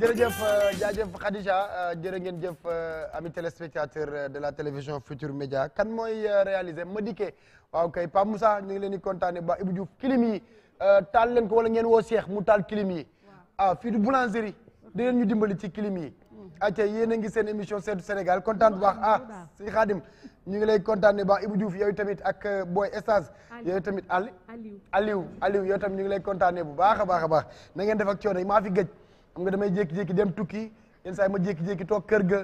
jërëjëf euh, jaajëf Khadija euh, jërë ngeen jëf euh, ami téléspectateur de la télévision Futur Média kan mooy réalisé Madické waaw kay Pape Moussa ñu ngi leen di kontaane ba Ibou Diouf clim yi taal leen ko wala ngeen woo Cheikh mu taal clim yi ah fii du boulangerie di leen ñu dimbali ci clim yi acca yéen a ngi seen émission sed Sénégal kontaan bu baax ah si Khadim ñu ngi lay kontaane baax Ibou Diouf yow tamit ak Boy Estage yow tamit Ali Aliou Aliou yow tamit ñu ngi lay kontaane bu baax a baax a na ngeen def ak coono maa fi gëj xam nga demay jékki-jékki dem tukki yenn saa yi ma jékki-jékki toog kër ga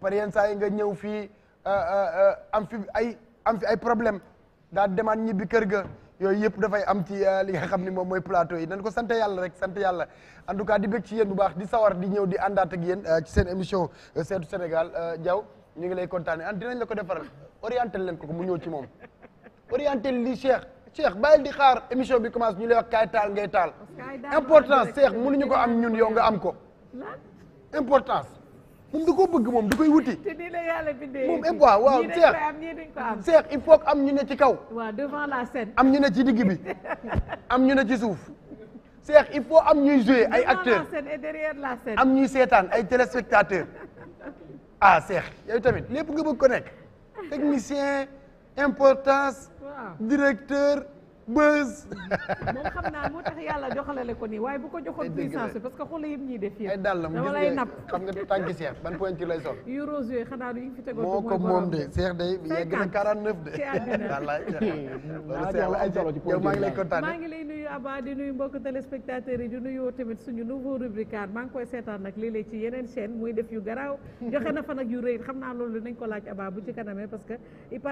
par yenn saa yi nga ñëw fii euh, euh, euh, am fi ay am fi ay problème daal demaat ñibbi kër ga yooyu yëpp dafay am ci li nga xam ni moom mooy plateau yi nañ ko sant yàlla rek sant yàlla en tout cas di bëgg ci yéen bu baax di sawar di ñëw di àndaat ak yéen ci seen émission seetu Sénégal Diaw ñu ngi lay kontaane an ah, dinañ la ko defaral orienté leen ko ko mu ñëw ci moom orienté lii Cheikh Cheikh bàyyil di xaar émission bi commence ñu lay wax kaay taal ngay taal importance Cheikh mënuñu ko am ñun yow nga am ko importance moom da koo bëgg moom da koy wuti. te nii la yàlla bindee moom impo eh, waaw Cheikh Cheikh il faut am ñu ne ci kaw. waaw devant la scène. am ñu ne ci digg bi am ñu ne ci suuf. Cheikh il faut am ñuy jouer ay acteurs devant la scène et derrière la scène. am ñuy seetaan ay téléspectateurs ah Cheikh yow tamit lépp nga bëgg ko nekk technicien. importance. directeur buzz. moom xam naa moo tax yàlla joxalale ko nii waaye bu ko joxoon puissance bi parce que xoolal yëpp ñuy def yëpp. dama xam nga tànki Cheikh ban point ci lay sol. yu rose yooyu xanaa du ñu fi tegoon moo ko moom de Cheikh day yegg na 49 de. ci àddina maa ngi lay nuyu Aba di nuyu mbokk téléspectateurs yi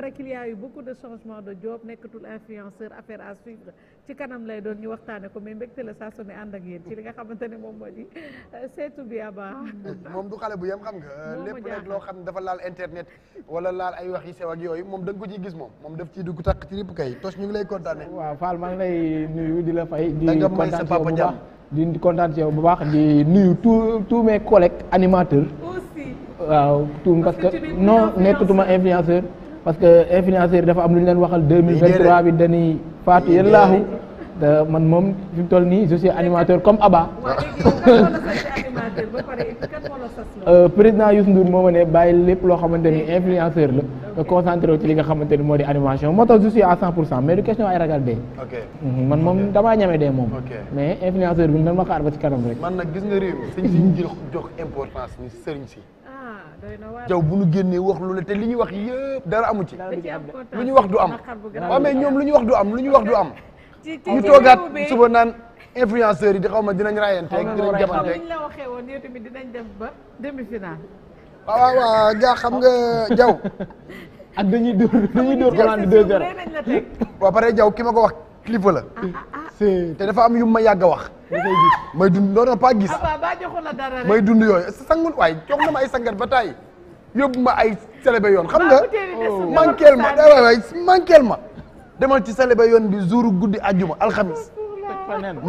di nuyu nekkatul influenceur affaire à suivre ci kanam lay doon ñu waxtaane ko mais mbégte la saa su ne ànd ak yéen ci li nga xamante ne moom moo di euh, seetu bi Aba moom du xale bu yem xam nga lépp rek loo xam ne dafa laal internet wala laal ay wax yi sew yooyu moom da ko ciy gis moom moom daf ciy dugg tàq ci ripp kay tos ñu ngi lay kontaane waaw Fall maa ngi lay nuyu di la fay. di kontaan yow bu baax di kontaan ci bu baax di nuyu tous tous mes collègues animateurs. aussi waaw tout parce que non nekkatuma influenceur. parce que influenceur dafa am lu ñu leen waxal 2023 bi dañuy faatu yàllaahu. man moom fi toll nii je suis animateur comme Abba. Euh, président Youssou Ndour moo ma ne bàyyi lépp loo xamante ni influenceur la nga concentré wu ci li nga xamante ni moo di animation moo tax je suis à 100 pour cent mais du mhm, ñame dee moom. mais influenceur bi nan ma xaar ba ci kanam rek. man nag gis nga réew mi sëñ ah, jaw bu ñu génnee wax lu la te li ñu wax yëpp dara amu ci lu ñu wax du am waaw mais ñoom lu ñu wax du am lu ñu wax du am ñu toogaat suba naan influenceurs yi di xaw ma dinañ rayanteeg dinañ jamanteeg la waxee woon yow tamit dinañ def ba demi xam nga jaw ak dañuy dóor dañuy dóor ko naan pare jaw ki ma ko wax kilifa la te dafa am yu ma yàgg wax may dund non non pas gis may dund yooyu sangun waay jox na ma ay sangat ba tàyyi yóbbu ma ay célébé yoon xam nga manqueel ma waay waay manqueel ma demal ci célébé yoon bi jouru guddi àjjuma alxamis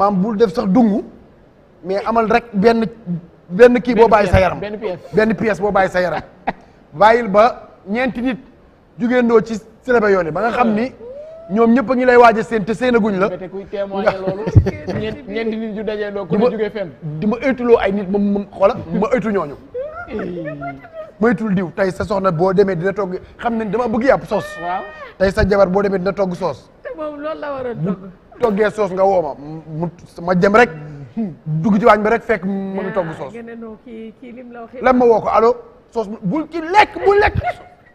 maam bul def sax dungu mais amal rek benn benn kii boo bàyyi sa yaram benn pièce benn pièce boo bàyyi sa yaram bàyyil ba ñeenti nit jugéendoo ci célébé yoon yi ba nga xam ni ñoom ñëpp a ngi lay waaj a seen te seen aguñ la te kuy témoigné loolu ñeenti nit ju dajee doo ku ne jugee fenn di ma ëytuloo ay nit moom moom xoola ma ëytu ñooñu moytul diw tey sa soxna boo demee dina togg xam ne dama bëgg yàpp soos. waaw sa jabar boo demee dina togg soos. toggee soos nga woo ma mu ma rek dugg ci waañ bi rek fekk mu ngi togg soos lan ma woo ko allo soos bu ci lekk bul lekk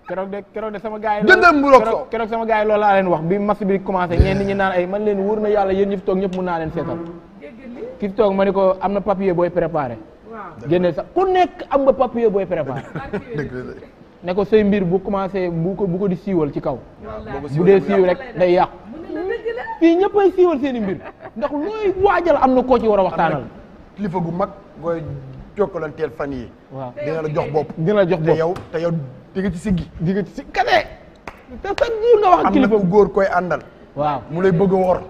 keroog de sama gars yi jëndal mburoog soow keroog sama laa leen wax bi match bi commencé ñenn ñi naan ay man leen wóor na yàlla yéen ñi fi toog ñëpp mun naa leen seetal mm. ki fi toog ma ni ko am na papier booy préparé génne sax ku nekk am nga papier booy préparé ne ko say mbir bu commencé bu ko bu ko di siiwal ci kaw bu dee siiw rek day yàqu fii ñëpp ay siiwal seen i mbir ndax looy waajal am na koo ci war a waxtaanal. kilifa gu mag gooy jokkalanteel fan yi waaw dina la jox bopp. dina la jox bopp te yow te yow di ci siggi. di nga ci siggi kese. te sax góor nga wax ak kilifa koy àndal. waaw mu lay bëgg a wor.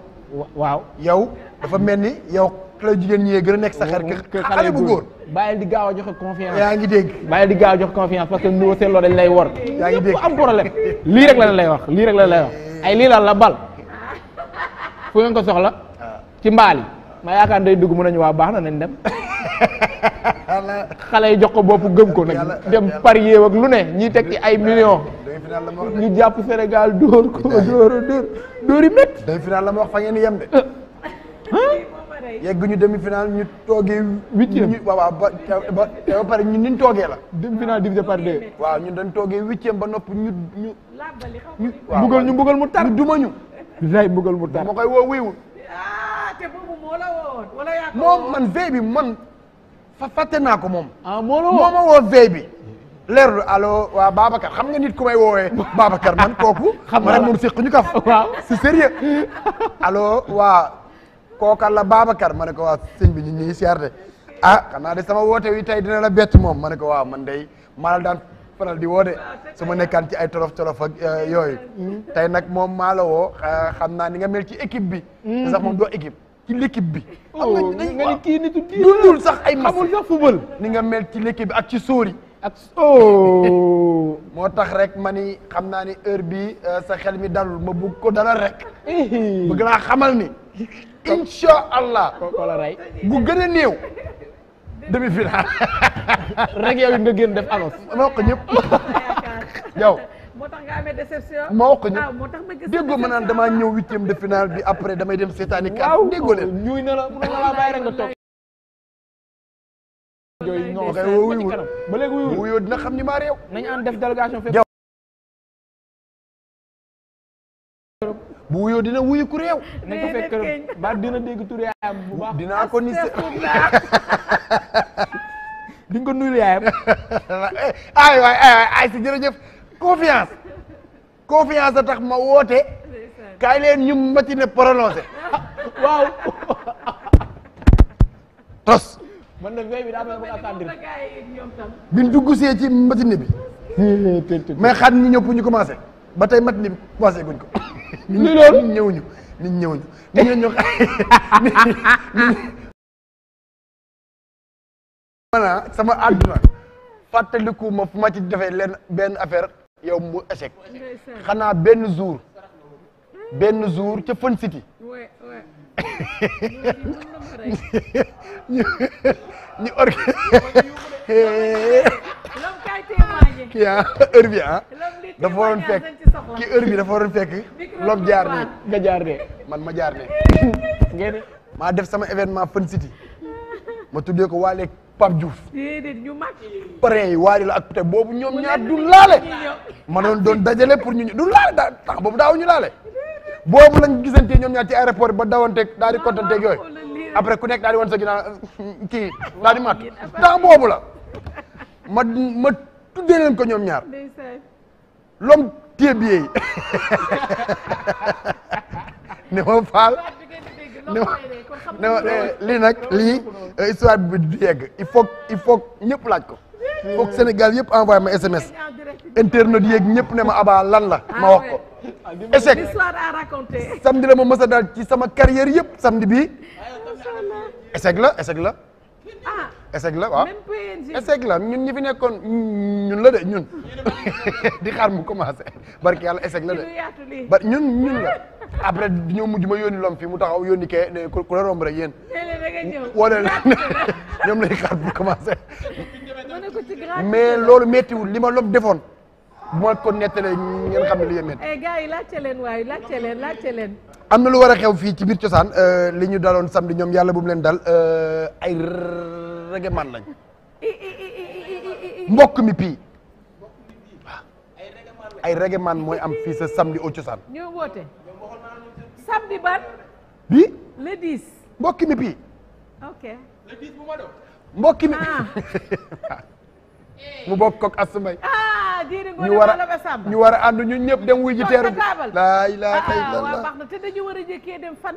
waaw yow dafa mel ni yow. xale jigéen ñi gën a nekk sa xar xale bu góor bàyyil di gaaw a joxe confiance yaa ngi dégg bàyyil di gaaw a joxe confiance parce dañ lay wor yaa ngi dégg am problème lii rek la lay wax lii rek la lay wax eh. ay lii la la bal fu ngeen ko soxla. Ah. ci mbaal yi. ma yaakaar day dugg mën nañu waa baax na nañ dem. xale yi jox ko bopp gëm ko nag dem par parier ak lu ne ñiy teg ci ay millions. ñu jàpp Sénégal dóor ko dóor dóor dóor yi métti. la wax fa ngeen yem de. Ah. Ah. yegg ñu demi final ñu toogee. huitième ñu waaw ba pare ñun ni ñu toogee la. demi final divisé par deux. waaw ñun dañ toogee huitième ba nopp ñu ñu. ñu waaw ñu mbugal mu tar duma ñu. bilaay mbugal mu koy woo wuyul ah, moo man veille bi man fa fàtte naa ko moom ah moo la woo ma woo veille bi leerlu allo waa Babacar xam nga nit ku may woowee Babacar man kooku xam nga rek moom séq ñu kaf waaw c'est sérieux waa kookal la Babacar ma ne ko waa sëñ bi ñu ñuy siyaar de ah xanaa de sama woote wi tey dina la bett moom ma ne ko waaw man day maa la faral di woo de nekkaan ci ay tolof tolof euh, yooyu tey nag moom maa la woo euh, xam naa ni nga mel ci équipe bi te mm-hmm. sax moom doo équipe ci l'équipe bi oh, am na sax ay mas xamul sax football ni nga mel ci l'équipe ak ci sóori ak oh. moo tax rek ma ni xam naa ni heure bii euh, sa xel mi dalul ma bugg ko dalal rek. bëgg naa xamal ni. incha allah. kooku la rey gën a néew. demi-finale. rek yow it nga génn def annonce. ma wax ko ñëpp. yow. moo tax nga amee déception. ma wax ko ñëpp ah, déggoo ma naan damaa ñëw huitième de finale bi après damay dem seetaani kat. waaw déggoo leen ñuy ne la mun na laa bàyyi rek nga toog. yooyu non kay woo wuyu ba léegi wuyu wuyoo dina xam ni maa réew. nañu ànd def délégation fépp. bu wuyoo dina wuyu ku réew. nañ ko fekk këram dina dégg tur yaayam bu ko ni di nga ko nuyu yaayam. Eh, ay waay ay waay ay si jërëjëf confiance confiance a tax ma woote. kaay leen ñu matine prononcé. waaw. tos. a attendre. bi ñu dugg see ci matine bi. mais xaar ñu ñëpp ñu commencé ba tey matine bi commencé guñ ko. li loolu sama àdduna fàttaliku ma fu ma ci leen benn affaire yow mu échec xanaa benn jour benn jour ca Fun City ñu ñu org kii ah, dafa waroon fekk ki heure bi dafa waroon fekk loog jaar ne nga jaar man ma jaar ne ngeen maa def sama événement Fun ma tuddee ko waale Pape Diouf parrain yi waali la ak te boobu ñoom ñaar du laale ma doon doon dajale pour ñu du laale daa tax boobu daaw ñu laale boobu lañ gisantee ñoom ñaar ci aéroport ba dawanteeg daal di kontanteeg yooyu après ku nekk daal di wan sa ginnaaw euh, kii daal di mat temps boobu la ma ma tuddee leen ko ñoom ñaar l'homme téeméer ne ma faal ne ma lii nag lii euh, histoire bi du yegg il faut il faut ñëpp laaj ko. foog Sénégal yëpp envoyé ma SMS internet yeeg ñëpp ne ma Aba lan la ah ma wax ko ah, échec samedi la ma mës daal ci sama carrière yëpp samedi bi échec la échec la ah, échec la waaw même PNG la ñi fi nekkoon ñun la de ñun di xaar mu commencé barki yàlla échec la de ba ñun la après ñoo mujj ma yónni lom fi mu taxaw yónni kee ne ku la romb rek yéen wala ñoom lay xaar pour commencé mais loolu méttiwul li ma lop defoon bu ma ko nettalee ngeen xam ne li yemeen eh, gars leen waaye laajte am na lu war a xew fii ci biir cosaan euh, li ñu daloon samedi ñoom yàlla bu mu leen dal euh, ay reggae man lañ mbokk mi pii waaw ay reggae man mooy am fii sa samedi au cosaan ñoo woote samedi ban bi le 10 mbokk mi pii ok le 10 ah. mu bokk kook ñu war a ñu war a ñu ñun ñëpp dem wuy ji teeru bi laa ah, ah, te dañu war dem fan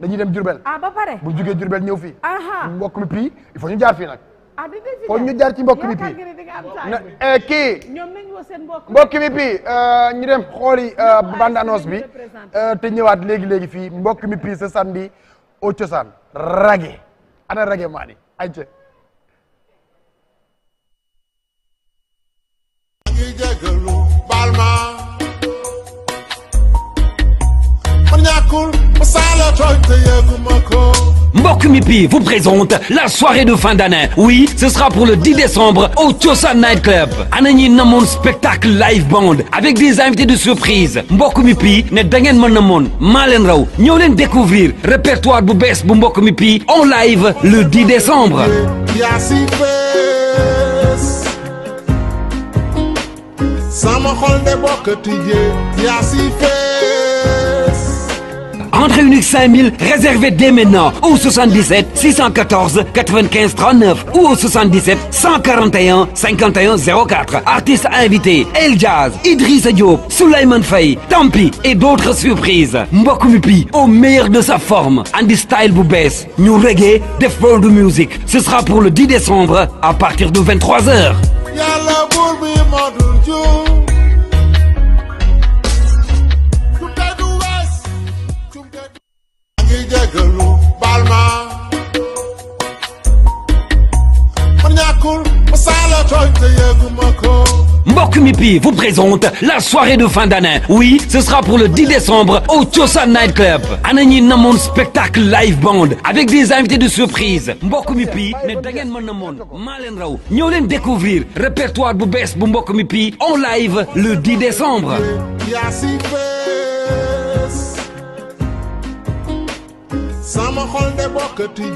dañuy dem Jurbel ah bu jugee Jurbel ñëw fii mbokk mi pii il ñu jaar fii nag ah, faut ñu jaar ci mbokk mi pii eh, kii mbokk mi pii eh, ñu dem xooli eh, bande annonce bi te ñëwaat léegi léegi fii mbokk mi pii sa samedi au cosaan rage ana rage maa di ayca ma man ñàkkul ma ko Mbokk mi pi vous présente la soirée de fin d'année. Oui, ce sera pour le 10 décembre au Chosa Night Club. Ana ñi namoon spectacle live band avec des invités de surprise. Mbokk mi pi ne da ngeen ma namoon maa leen raw ñëw leen découvrir répertoire bu bees bu Mbokk mi pi en live le 10 décembre. sama xol de bokk tijjee yaa si fees. Entrée unique 5000 réservez dès maintenant au 77 614 95 39 ou au 77 141 51 04 artistes invités El Jazz Idrissa mbokk mi pi au meilleur de sa forme andi bu bees ñu reggae def world music le 10 décembre à partir de Mimipi vous présente la soirée de fin d'année oui ce sera pour le décembre au Chosa Night Club ana ñi spectacle live band avec des invités de surprise mbokk ne da ngeen ma namoon maa leen raw ñëw leen découvrir répertoire bu bees bu mbokk Mimipi en live le 10 décembre sama xol de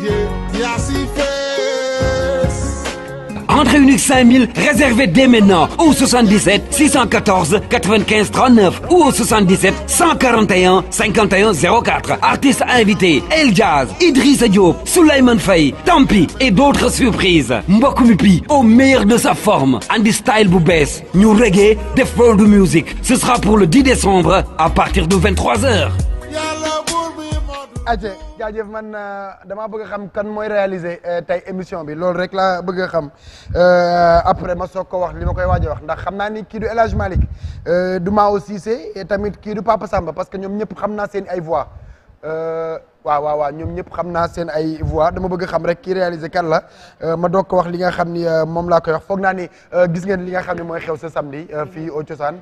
Rentrée unique 5000, réservée dès maintenant au 77 614 95 39 ou au 77 141 51 04. Artistes invités, El Jazz, Idrissa Diop, Souleymane Faye, Tampi et d'autres surprises. Mbokk mi au meilleur de sa forme, andi style bu bees, ñu reggae, def world music. Ce sera pour le à partir de 23h. aje jaajëf man euh, damaa bëgg xam kan mooy réaliser euh, tey émission bi loolu rek la bëgg a xam euh, après ma soog ko wax li ma koy waaj a wax ndax xam naa ni kii du El Hadj du ma Cissé et tamit kii du Papa Samba parce que ñoom ñëpp xam naa seen ay voix waaw waaw waaw ñoom ñëpp xam naa seen ay voix dama bëgg xam rek kii réaliser kan la ma doog ko wax li nga xam ni moom laa koy wax foog naa ni gis ngeen li nga xam ni mooy xew sa samedi fii au Cosaan.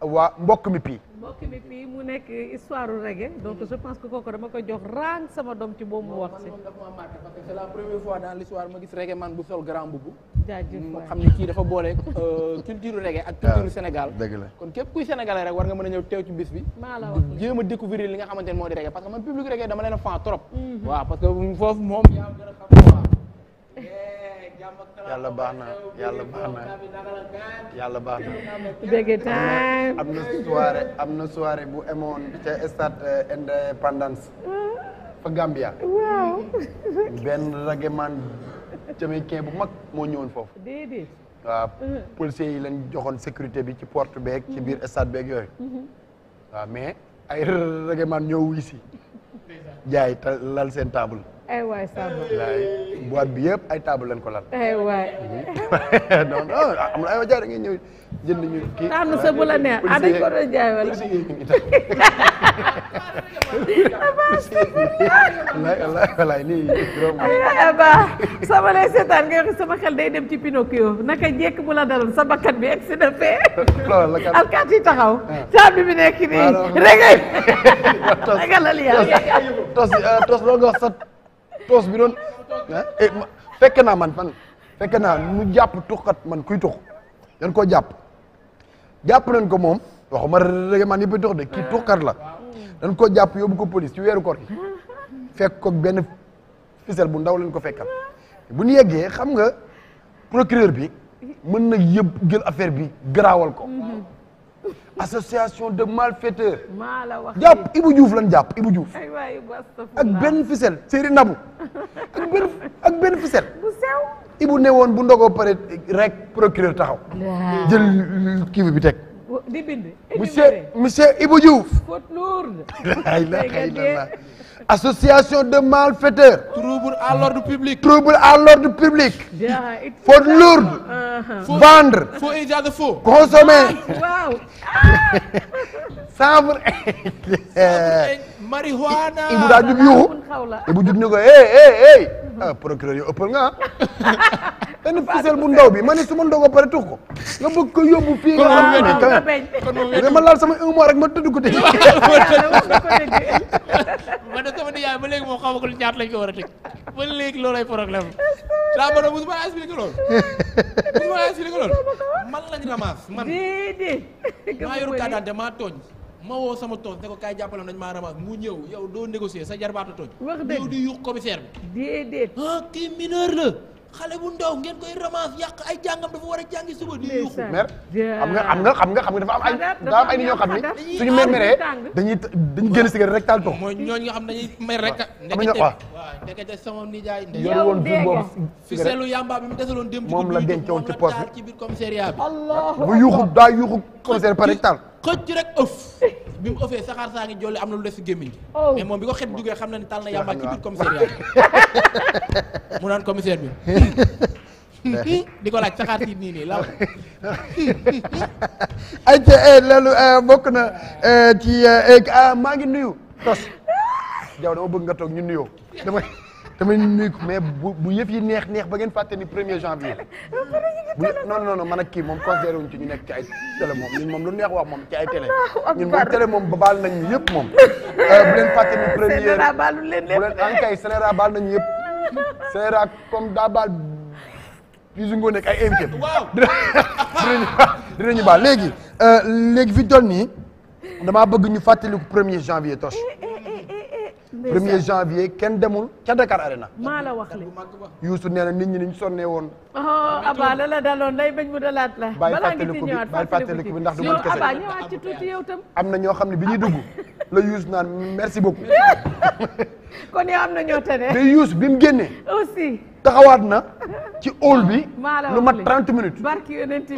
waa mbokk mi pii mbokk mu nekk histoire reggae donc je pense que kooku dama ko jox rang sama doom ci boobu mu wax si ma gis reggae man bu sol grand boubou jaajëf waay xam ne kii dafa boole euh, culture reggae ak culture ah, Sénégal dëgg la kon képp kuy sénégalais rek war nga mën a ñëw teew ci bis bi maa la wax jéem a découvrir li nga xamante ne moo di reggae parce que man public reggae dama leen a fan trop mhm. waaw parce que foofu moom yàlla baax na yàlla baax na yàlla baax na. am na soirée am na soirée bu emoon ca stade euh, indépendance. fa Gambia. waaw. benn rageman jamaïcain bu mag moo ñëwoon foofu. déedéet. waaw uh-huh. policiers yi lañ joxoon sécurité bi ci porte beeg ci biir uh-huh. stade beeg yooyu. Uh-huh. waaw mais ay rageman ñoo wuy jaay lal seen table. ay waay Samba. boîte bi yëpp ay table lañ ko lal. ay waay. non non ay jaay da ngeen ñëw jënd ñu kii. sa bu la neex ah dañ ko doon jaay wala. walaay walaay walaay nii sama lay seetaan nga wax sama xel day dem ci Pinocchio naka jekk bu la sa bakkan bi si na fee. alkaat yi taxaw. table bi nekk tos tos loolu nga toos bi doon ah, eh, fekk naa man fan fekk naa nu jàpp tuxkat man kuy tux dañ koo jàpp jàpp nañ ko moom waxuma rek man yëpp tux de kii ah. tuxkat la dañ koo jàpp yóbbu ko police ci weeru ko gi fekk ko benn bu ndaw lañ ko fekk fekkal bu ñu yeggee xam nga procureur bi mën na yëpp jël affaire bi garaawal ko mhm. association de malfaiteurs. maa la wax jàpp Ibou Diouf lan jàpp Ibou Diouf. ak benn ficelle séeri nabu ak benn ak benn ficelle. bu sew. Ibou ne woon pare rek procureur taxaw. jël euh, kii bi monsieur monsieur Ibou Diouf. association de malfaiteurs. trouble à l'ordre trouble à l'ordre public. faute vendre. faux saabur eñ. marihuana Ibu daa jug yuuxu Ibu jug ñu ko hey hey ah, procureur yow ëppal nga ah. benn bu ndaw bi ma ne su ma ndogoo pare tuux ko nga bëgg ko yóbbu fii nga xam laal sama un mois ma tëdd ko tëj. ma ne sama nijaay ba léegi moom xamagul ñaata lañ ko war a tëj ba loolay problème la. daa ma ne mosuma expliqué loolu mosuma expliqué loolu man ramasse man maa yoru kaa daante maa tooñ ma woo sama toos ne ko kaay jàppalam dañ maa ramasse mu ñëw yow doo négocier sa jarbaatu tooñ wax dëgg di yuux commissaire bi déedéet ah, kii mineur la xale bu ndaw ngeen koy romance yàq ay jàngam dafa war a jàngi suba di yuuxu mer xam nga xam nga xam nga xam nga dafa am ay dafa am ay nit ñoo xam ni suñu mer meree dañuy dañuy génn cigarette rek taal toog mooy ñooñu nga xam dañuy mer rek ndekete waaw ndekete sama nijaay yoru woon jur boobu fi seelu yamba bi mu desaloon dem moom la dencoon ci poche bi ci biir commissariat bi bu yuuxu daa yuuxu commissaire par rek taal xëcc rek ëf bi mu ëffee saxaar saa ngi jolli am na lu des si gémmiñ gi oh. mais moom bi ko xet duggee xam na ni tal na yàmbaay ci biir commissariat mu naan commissaire bi di ko laaj saxaar si nii law ay te loolu eh, bokk na eh, ci eh, ah, maa ngi nuyu tos jaw nga toog ñu nuyoo tamit nuyu ko mais bu bu yëf yi neex neex ba ngeen fàtte ni premier janvier. bu non non non man ak kii moom considéré wuñ ci ñu nekk ci ay télé moom ñun moom lu neex wax moom ci ay télé. Ah, ñun moom télé moom baal nañ ñu yëpp moom. Euh, bu leen fàtte ni premier Sénéra baalu leen lépp bu leen ankay ah, Sénéra baal nañ yëpp Sénéra comme da baal Youssou Ngone ak ay invité. waaw dinañu dinañu baal léegi euh, léegi fi toll nii damaa bëgg ñu fàttaliku premier janvier Toch. premier janvier kenn demul ca Dakar Arena. maa la wax li Youssou nee na nit ñi ni ñu sonnee woon. Oh, Abba la la daloon lay bañ mu dalaat la. balaa ngi ci ñëwaat bàyyi fàttaliku bi ndax du man kese. Abba ñëwaat ci tuuti yow tam. am na ñoo xam ne bi ñuy dugg la Youssou naan merci beaucoup. kon yow am na ñoo tane. te Youssou bi mu génnee. aussi. taxawaat na ci hall bi. maa la wax lu mat 30 minutes.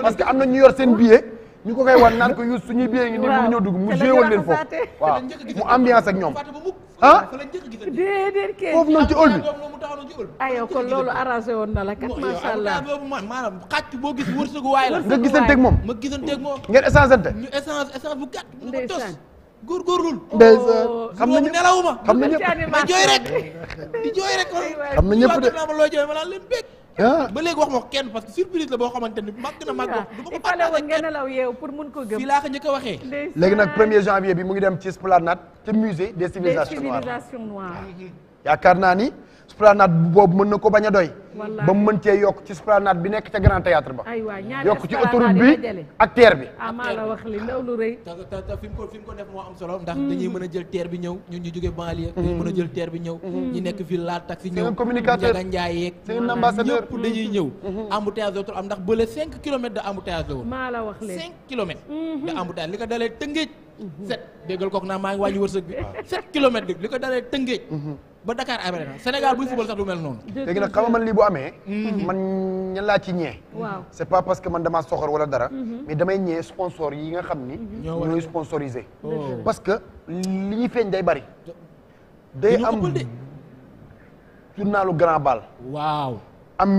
parce que am na ñu yor seen billet. ñu ko koy wan naan ko yu suñuy biyee ngi nii mu ñëw dugg mu joué woon leen mu ambiance ñoom ah déedéet kee foofu ci ël bi ayo loolu arrangé woon na la kat macha allah maanaam boo gis wërsëgu waay la nga gisanteeg moom ma moom ngeen échangeante ñu échange échange bu gàtt mu ko tos góorgóorlul ndeysaan xam nañu nelawuma xam nañu ma jooy rek di jooy rek xam na ñëpp de ma loo jooy ma laan Ah. ba léegi wax ma kenn parce que surprise la boo xamante ni màgg na màgg ah. du ma ko fàtte ngeen a law pour mun ko gëm fii laa ko njëkk a waxee léegi nag premier janvier bi mu ngi dem ci Esplanade te musée des civilisations noires yaakaar naa ni esplanade boobu mën na ko bañ a doy. ba mu mën cee yokk ci esplanade bi nekk ca grand théâtre ba. yokk ci autoroute bi ak terre bi. Ah, maa la wax li ndaw lu rëy. fi mu ko fi ko def moo am solo. ndax hmm. dañuy mën a jël terre bi ñëw ñu jógee banlieue. dañuy hmm. mën a ñëw. Hmm. ñu nekk fii la taxi ñëw. c'est un communicateur Ndiaga Ndiaye yeeg. c'est un ambassadeur ñëpp dañuy ñëw. embouteillage dootul am ndax bële 5 kilomètres de embouteillage la woon. li ko dalee Tëngéej. 7 déggal kook naa maa ngi wàññi wërsëg bi 7 ba Dakar Arena Sénégal buy football sax du mel noonu. léegi nag xam nga man lii bu amee. Mhm. man ñan laa ci ñee. waaw pas parce que man dama soxor wala dara. Mhm. mais damay ñee sponsor yi nga xam ni. Mhm. ñooy sponsorisé. Oh. parce que li ñuy feeñ day bari. day am journalu Grand Bal. waaw am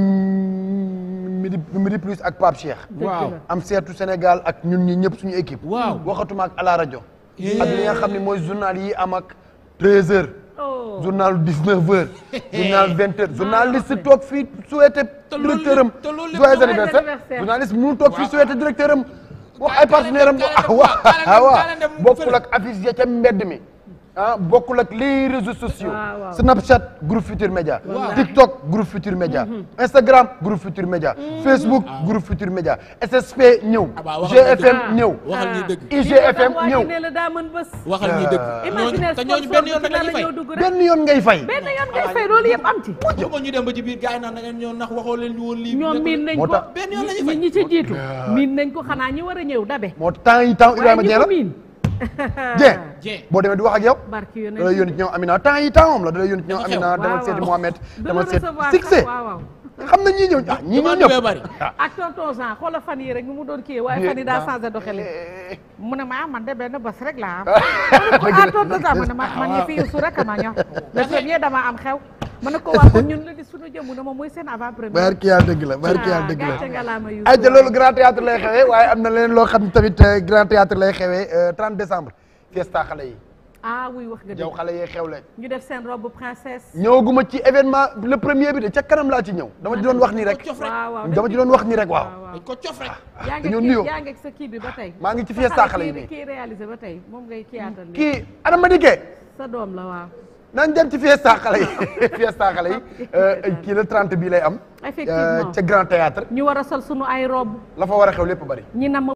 midi midi plus ak Pape Cheikh. waaw am seetu Sénégal ak ñun ñi ñëpp suñu équipe. waaw waxatuma ak à la rajo. ak nga xam ne mooy journal yi am ak 13 Oh. journal 19 heures. journal 20 ah, heures journaliste toog fii souhaité. te loolu joyeux anniversaire journaliste mënul toog fii souhaité wax ay partenaire am ah, wax bokkul ak affiche ya ca mi. ah bokkul ak les réseaux sociaux. Ah, Snapchat groupe Futur Média. TikTok groupe Futur Média. Mhm. Instagram groupe Futur Média. Mhm. Facebook ah. groupe Futur Média. SSP ñëw. Ah, GFM ñëw. waxal ñuy dëgg IGFM ñëw. waxal ñuy dëgg. te ñooñu benn yoon lañuy fay benn yoon ngay fay. benn yoon ngay fay loolu yëpp am ci. bu ñu dem ba ci biir gars yi naan da ngeen ñëw ndax waxoo leen ñu woon lii. ñoom miin nañ ko benn yoon lañuy fay ñi ci jiitu. miin nañ ko xanaa ñi war a ñëw dabe. moo temps yi temps Ibrahima Dieng la Dieng. Dieng boo demee di wax ak yow. barki yónnee da lay yónni ci ñoom Amina temps yi temps moom la da lay yónni ci ñoom Amina demal seeti Mohamed demal seeti Sixé xam na ñii ñëw ah ñii ñëw ñëpp ah. ak tonton Jean xoolal fan yi rek ñu mu doon kii waaye fan yi daa ah. changé doxalin mu ne ma ah, man de benn bés rek laa am ah tonton Jean mu ne ma man ñu fi yusu rek ma ñor le dama am xew mën na ko waa moom mooy seen avant première. barki yaa dëgg yaa ah, dëgg la gàcce nga laa ma grand théâtre lay xewee waaye am na leneen loo xam ne tamit euh, grand théâtre lay xewee 30 euh, décembre fiesta xale yi. ah wuy wax nga dëgg yow xale yee xewle. ñu def seen robe princesse. ñëwaguma ci événement le premier bi de ca kanam laa ci ñëw. dama ci doon wax ni rek dama ci doon wax ni rek waaw. dañ ah, nuyoo bi maa ngi ci fiesta xale yi nii kii réalisé ba tey moom ngay kii nañ dem ci fiesta xale yi fiesta xale yi euh, euh, kii la 30 bii lay am. effectivement euh, ca grand théâtre ñu war a sol sunu ay robe. la fa war a xew lépp bari.